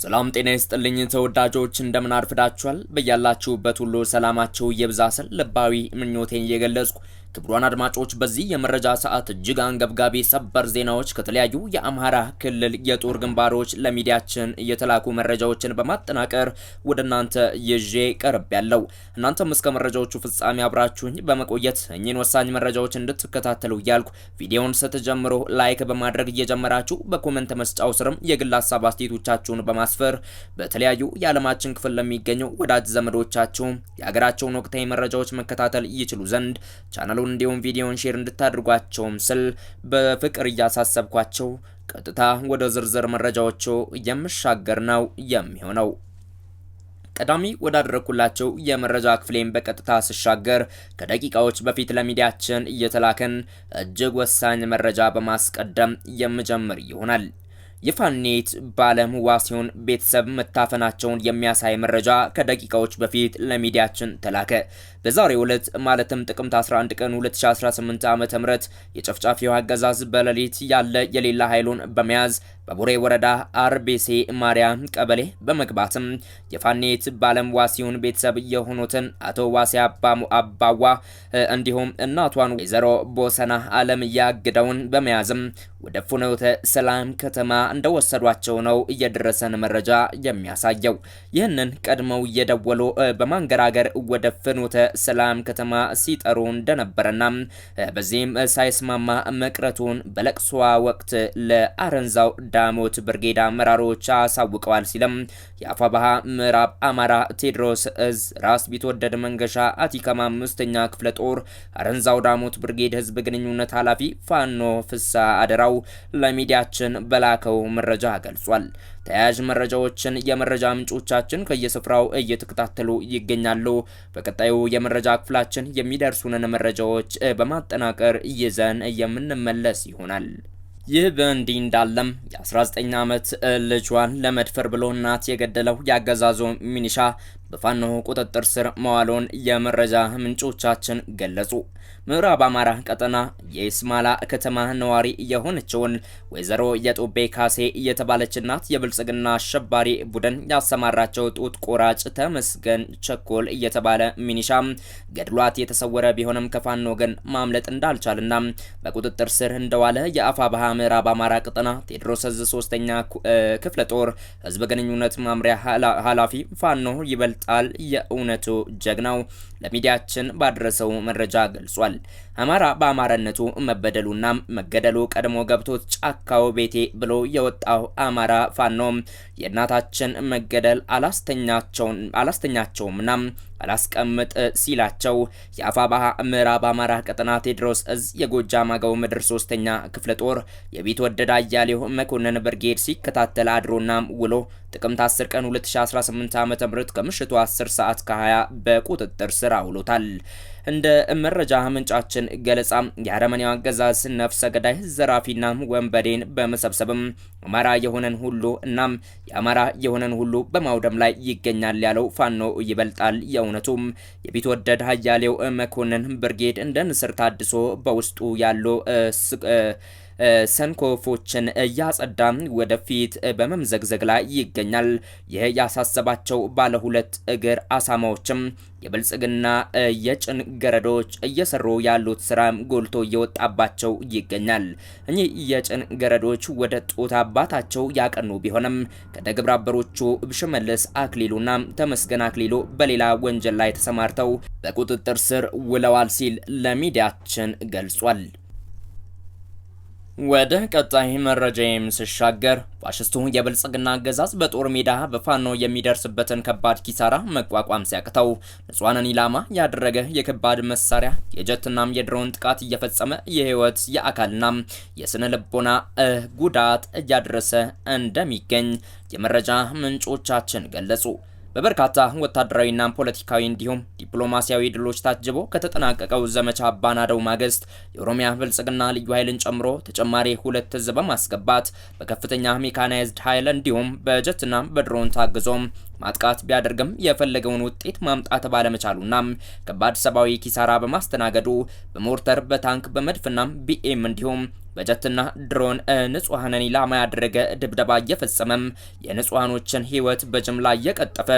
ሰላም ጤና ይስጥልኝ ተወዳጆች፣ እንደምን አርፍዳችኋል? በያላችሁበት ሁሉ ሰላማችሁ ይብዛ ስል ልባዊ ምኞቴን እየገለጽኩ ክቡራን አድማጮች በዚህ የመረጃ ሰዓት እጅግ አንገብጋቢ ሰበር ዜናዎች ከተለያዩ የአማራ ክልል የጦር ግንባሮች ለሚዲያችን እየተላኩ መረጃዎችን በማጠናቀር ወደ እናንተ ይዤ ቀርብ ያለው እናንተም እስከ መረጃዎቹ ፍጻሜ አብራችሁኝ በመቆየት እኚህን ወሳኝ መረጃዎች እንድትከታተሉ እያልኩ ቪዲዮውን ስትጀምሮ ላይክ በማድረግ እየጀመራችሁ በኮመንት መስጫው ስርም የግል ሀሳብ አስተያየቶቻችሁን በማስፈር በተለያዩ የዓለማችን ክፍል ለሚገኙ ወዳጅ ዘመዶቻችሁም የሀገራቸውን ወቅታዊ መረጃዎች መከታተል ይችሉ ዘንድ ቻናሉ እንዲሁም ቪዲዮን ሼር እንድታደርጓቸውም ስል በፍቅር እያሳሰብኳቸው ቀጥታ ወደ ዝርዝር መረጃዎቹ የምሻገር ነው የሚሆነው። ቀዳሚ ወዳደረኩላቸው የመረጃ ክፍሌን በቀጥታ ስሻገር ከደቂቃዎች በፊት ለሚዲያችን እየተላከን እጅግ ወሳኝ መረጃ በማስቀደም የምጀምር ይሆናል። የፋኔት ባለም ሲሆን ቤተሰብ መታፈናቸውን የሚያሳይ መረጃ ከደቂቃዎች በፊት ለሚዲያችን ተላከ። በዛሬው ዕለት ማለትም ጥቅምት 11 ቀን 2018 ዓ.ም የጨፍጫፊው አገዛዝ በሌሊት ያለ የሌላ ኃይሉን በመያዝ በቡሬ ወረዳ አርቤሴ ማርያም ቀበሌ በመግባትም የፋኔት ባለም ዋሲውን ቤተሰብ የሆኑትን አቶ ዋሴ አባዋ እንዲሁም እናቷን ወይዘሮ ቦሰና አለም እያግደውን በመያዝም ወደ ፍኖተ ሰላም ከተማ እንደወሰዷቸው ነው እየደረሰን መረጃ የሚያሳየው። ይህንን ቀድመው እየደወሉ በማንገራገር ወደ ፍኖተ ሰላም ከተማ ሲጠሩ እንደነበረና በዚህም ሳይስማማ መቅረቱን በለቅሷ ወቅት ለአረንዛው ዳሞት ብርጌድ አመራሮች አሳውቀዋል ሲልም የአፋባሃ ምዕራብ አማራ ቴድሮስ እዝ ራስ ቢትወደድ መንገሻ አቲከማ አምስተኛ ክፍለ ጦር አረንዛው ዳሞት ብርጌድ ህዝብ ግንኙነት ኃላፊ ፋኖ ፍሳ አደራው ለሚዲያችን በላከው መረጃ ገልጿል። ተያያዥ መረጃዎችን የመረጃ ምንጮቻችን ከየስፍራው እየተከታተሉ ይገኛሉ። በቀጣዩ የመረጃ ክፍላችን የሚደርሱንን መረጃዎች በማጠናቀር ይዘን የምንመለስ ይሆናል። ይህ በእንዲህ እንዳለም የ19 ዓመት ልጇን ለመድፈር ብሎ እናት የገደለው የአገዛዙ ሚኒሻ በፋኖ ቁጥጥር ስር መዋሉን የመረጃ ምንጮቻችን ገለጹ። ምዕራብ አማራ ቀጠና የኢስማላ ከተማ ነዋሪ የሆነችውን ወይዘሮ የጡቤ ካሴ እየተባለች እናት የብልጽግና አሸባሪ ቡድን ያሰማራቸው ጡት ቆራጭ ተመስገን ቸኮል እየተባለ ሚኒሻ ገድሏት የተሰወረ ቢሆንም ከፋኖ ግን ማምለጥ እንዳልቻልና በቁጥጥር ስር እንደዋለ የአፋባሃ ምዕራብ አማራ ቀጠና ቴዎድሮስ ዕዝ ሶስተኛ ክፍለ ጦር ህዝብ ግንኙነት ማምሪያ ኃላፊ ፋኖ ይበልጥ ጣል የእውነቱ ጀግናው ለሚዲያችን ባደረሰው መረጃ ገልጿል። አማራ በአማራነቱ መበደሉና መገደሉ ቀድሞ ገብቶት ጫካው ቤቴ ብሎ የወጣው አማራ ፋኖም የእናታችን መገደል አላስተኛቸውም አላስተኛቸውምና አላስቀምጥ ሲላቸው የአፋባሃ ምዕራብ አማራ ቀጠና ቴድሮስ እዝ የጎጃም አገው ምድር ሶስተኛ ክፍለ ጦር ወደዳ አያሌው መኮንን ብርጌድ ሲከታተል አድሮና ውሎ ጥቅምት 10 ቀን 2018 ዓ.ም ከምሽቱ 10 ሰዓት ከ20 በቁጥጥር ስር አውሎታል። እንደ መረጃ ምንጫችን ገለጻ የአረመኔው አገዛዝ ነፍሰ ገዳይ ዘራፊና ወንበዴን በመሰብሰብም አማራ የሆነን ሁሉ እናም የአማራ የሆነን ሁሉ በማውደም ላይ ይገኛል ያለው ፋኖ ይበልጣል የእውነቱም የቢትወደድ ሀያሌው መኮንን ብርጌድ እንደ ንስር ታድሶ በውስጡ ያለው ሰንኮፎችን እያጸዳ ወደፊት በመምዘግዘግ ላይ ይገኛል። ይህ ያሳሰባቸው ባለሁለት እግር አሳማዎችም የብልጽግና የጭን ገረዶች እየሰሩ ያሉት ስራ ጎልቶ እየወጣባቸው ይገኛል። እኚህ የጭን ገረዶች ወደ ጡት አባታቸው ያቀኑ ቢሆንም ከደግብረ አበሮቹ ሽመልስ አክሊሉና ተመስገን አክሊሉ በሌላ ወንጀል ላይ ተሰማርተው በቁጥጥር ስር ውለዋል ሲል ለሚዲያችን ገልጿል። ወደ ቀጣይ መረጃም ስሻገር ፋሽስቱ የብልጽግና አገዛዝ በጦር ሜዳ በፋኖ የሚደርስበትን ከባድ ኪሳራ መቋቋም ሲያቅተው ንጹሐንን ኢላማ ያደረገ የከባድ መሳሪያ የጀትናም የድሮን ጥቃት እየፈጸመ የህይወት የአካልናም የስነ ልቦና ጉዳት እያደረሰ እንደሚገኝ የመረጃ ምንጮቻችን ገለጹ። በበርካታ ወታደራዊና ፖለቲካዊ እንዲሁም ዲፕሎማሲያዊ ድሎች ታጅቦ ከተጠናቀቀው ዘመቻ ባናደው ማግስት የኦሮሚያ ብልጽግና ልዩ ኃይልን ጨምሮ ተጨማሪ ሁለት እዝ በማስገባት በከፍተኛ ሜካናይዝድ ኃይል እንዲሁም በጀትና በድሮን ታግዞም ማጥቃት ቢያደርግም የፈለገውን ውጤት ማምጣት ባለመቻሉና ከባድ ሰብአዊ ኪሳራ በማስተናገዱ በሞርተር በታንክ በመድፍና ቢኤም እንዲሁም በጀትና ድሮን ንጹሐንን ኢላማ ያደረገ ድብደባ እየፈጸመም የንጹሐኖችን ህይወት በጅምላ እየቀጠፈ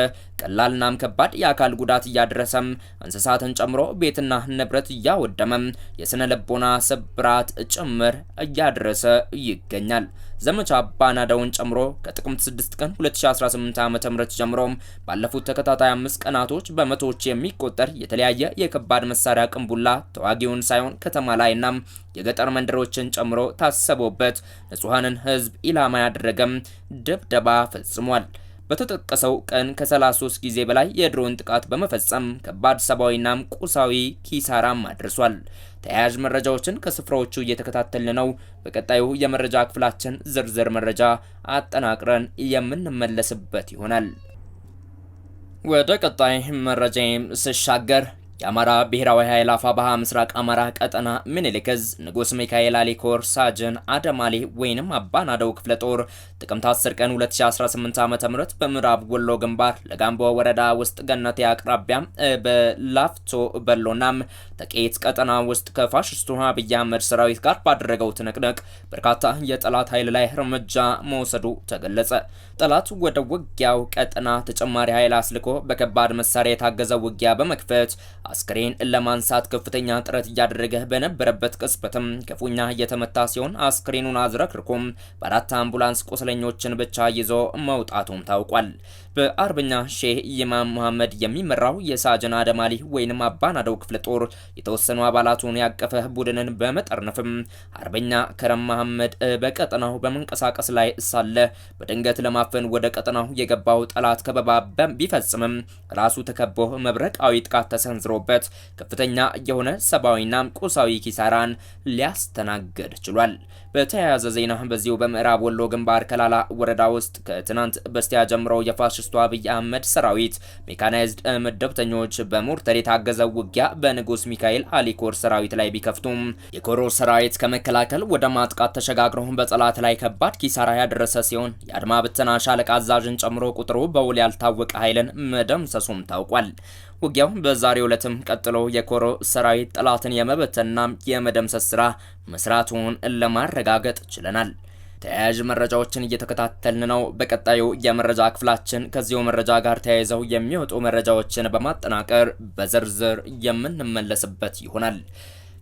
ቀላልናም ከባድ የአካል ጉዳት እያደረሰም እንስሳትን ጨምሮ ቤትና ንብረት እያወደመም የስነ ልቦና ስብራት ጭምር እያደረሰ ይገኛል። ዘመቻ ባናዳውን ጨምሮ ከጥቅምት 6 ቀን 2018 ዓ.ም ጀምሮም ባለፉት ተከታታይ አምስት ቀናቶች በመቶዎች የሚቆጠር የተለያየ የከባድ መሳሪያ ቅንቡላ ተዋጊውን ሳይሆን ከተማ ላይና የገጠር መንደሮችን ጨምሮ ታሰቦበት ንጹሐንን ህዝብ ኢላማ ያደረገም ድብደባ ፈጽሟል። በተጠቀሰው ቀን ከ33 ጊዜ በላይ የድሮን ጥቃት በመፈጸም ከባድ ሰብአዊናም ቁሳዊ ኪሳራም አድርሷል። ተያያዥ መረጃዎችን ከስፍራዎቹ እየተከታተልን ነው። በቀጣዩ የመረጃ ክፍላችን ዝርዝር መረጃ አጠናቅረን የምንመለስበት ይሆናል። ወደ ቀጣይ መረጃም ስሻገር የአማራ ብሔራዊ ኃይል አፋባሃ ምስራቅ አማራ ቀጠና ምኒልክ ንጉስ ሚካኤል አሊኮር ሳጅን አደማሌ ወይንም አባናደው ክፍለ ጦር ጥቅምት 10 ቀን 2018 ዓ.ም በምዕራብ ወሎ ግንባር ለጋምቦ ወረዳ ውስጥ ገነት አቅራቢያ በላፍቶ በሎናም ጥቂት ቀጠና ውስጥ ከፋሽስቱ አብይ አህመድ ሰራዊት ጋር ባደረገው ትንቅንቅ በርካታ የጠላት ኃይል ላይ እርምጃ መውሰዱ ተገለጸ። ጠላት ወደ ውጊያው ቀጠና ተጨማሪ ኃይል አስልኮ በከባድ መሳሪያ የታገዘ ውጊያ በመክፈት አስክሬን ለማንሳት ከፍተኛ ጥረት እያደረገ በነበረበት ቅጽበትም ክፉኛ እየተመታ ሲሆን አስክሬኑን አዝረክርኩም በአራት አምቡላንስ ቁስለኞችን ብቻ ይዞ መውጣቱም ታውቋል። በአርበኛ ሼህ ኢማም መሐመድ የሚመራው የሳጅን አደማሊ ወይንም አባናደው ክፍለ ጦር የተወሰኑ አባላቱን ያቀፈ ቡድንን በመጠርነፍም አርበኛ ከረም መሐመድ በቀጠናው በመንቀሳቀስ ላይ ሳለ በድንገት ለማ ለማፈን ወደ ቀጠናው የገባው ጠላት ከበባ ቢፈጽምም ራሱ ተከቦ መብረቃዊ ጥቃት ተሰንዝሮበት ከፍተኛ የሆነ ሰብአዊና ቁሳዊ ኪሳራን ሊያስተናግድ ችሏል። በተያያዘ ዜና በዚሁ በምዕራብ ወሎ ግንባር ከላላ ወረዳ ውስጥ ከትናንት በስቲያ ጀምሮ የፋሽስቱ አብይ አህመድ ሰራዊት ሜካናይዝድ ምደብተኞች በሞርተር የታገዘ ውጊያ በንጉስ ሚካኤል አሊኮር ሰራዊት ላይ ቢከፍቱም የኮሮ ሰራዊት ከመከላከል ወደ ማጥቃት ተሸጋግረው በጠላት ላይ ከባድ ኪሳራ ያደረሰ ሲሆን የአድማ ብተና ሻለቃ አዛዥን ጨምሮ ቁጥሩ በውል ያልታወቀ ኃይልን መደምሰሱም ታውቋል። ውጊያው በዛሬው ዕለትም ቀጥሎ የኮሮ ሰራዊት ጠላትን የመበተንና የመደምሰስ ስራ መስራቱን ለማረጋገጥ ችለናል። ተያያዥ መረጃዎችን እየተከታተልን ነው። በቀጣዩ የመረጃ ክፍላችን ከዚሁ መረጃ ጋር ተያይዘው የሚወጡ መረጃዎችን በማጠናቀር በዝርዝር የምንመለስበት ይሆናል።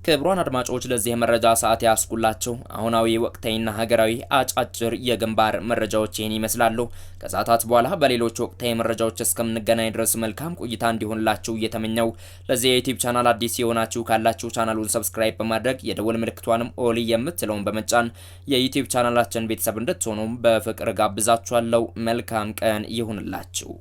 ክቡራን አድማጮች ለዚህ የመረጃ ሰዓት ያስኩላቸው አሁናዊ ወቅታዊና ሀገራዊ አጫጭር የግንባር መረጃዎች ይህን ይመስላሉ። ከሰዓታት በኋላ በሌሎች ወቅታዊ መረጃዎች እስከምንገናኝ ድረስ መልካም ቆይታ እንዲሆንላችሁ እየተመኘው ለዚህ የዩቲዩብ ቻናል አዲስ የሆናችሁ ካላችሁ ቻናሉን ሰብስክራይብ በማድረግ የደወል ምልክቷንም ኦሊ የምትለውን በመጫን የዩቲዩብ ቻናላችን ቤተሰብ እንድትሆኑም በፍቅር ጋብዛችኋለሁ። መልካም ቀን ይሁንላችሁ።